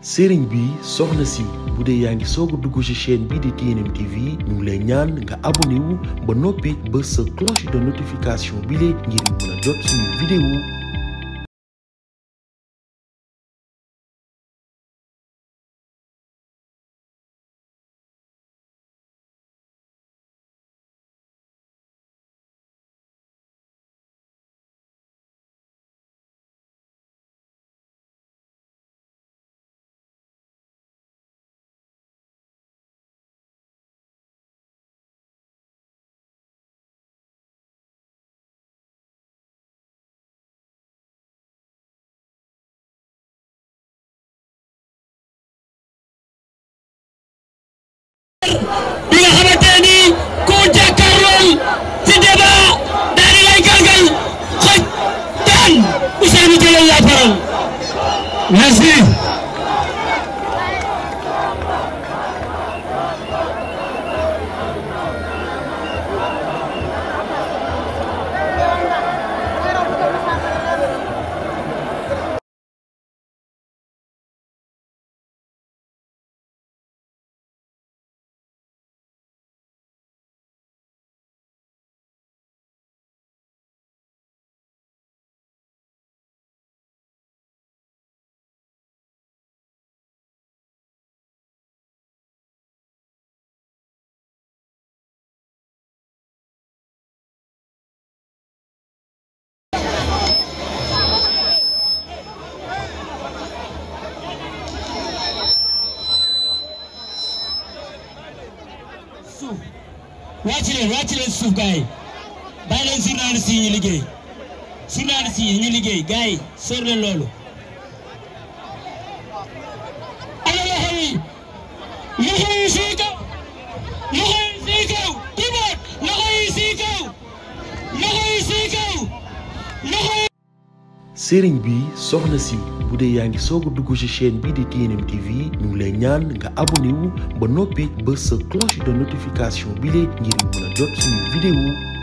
sëriñ bi soxna si bu dee yaa ngi soog a dugg ci chaîne bii di TNM TV ñu ngi lay ñaan nga abonné ba noppi ba sa cloche de notification bi la ngir mën jot suñu vidéo bi nga xamante ni ku jàkkaarlool ci débat daal di lay gàngal xoj daan Ousseynou jëlal la parole merci suuf wàcc leen wàcc leen suuf gars yi bàyyi leen yi ñu liggéey journaliste yi ñu liggéey gars yi leen loolu. ala loxo yi loxo yi siy loxo yi siy kaw loxo yi siy kaw sëriñ bi soxna si bu dee yaa ngi soog a dugg ci chaîne bi di TNM TV ñu ngi lay ñaan nga abonné wu ba noppi ba sa cloche de notification bi lee ngir mën jot suñu vidéo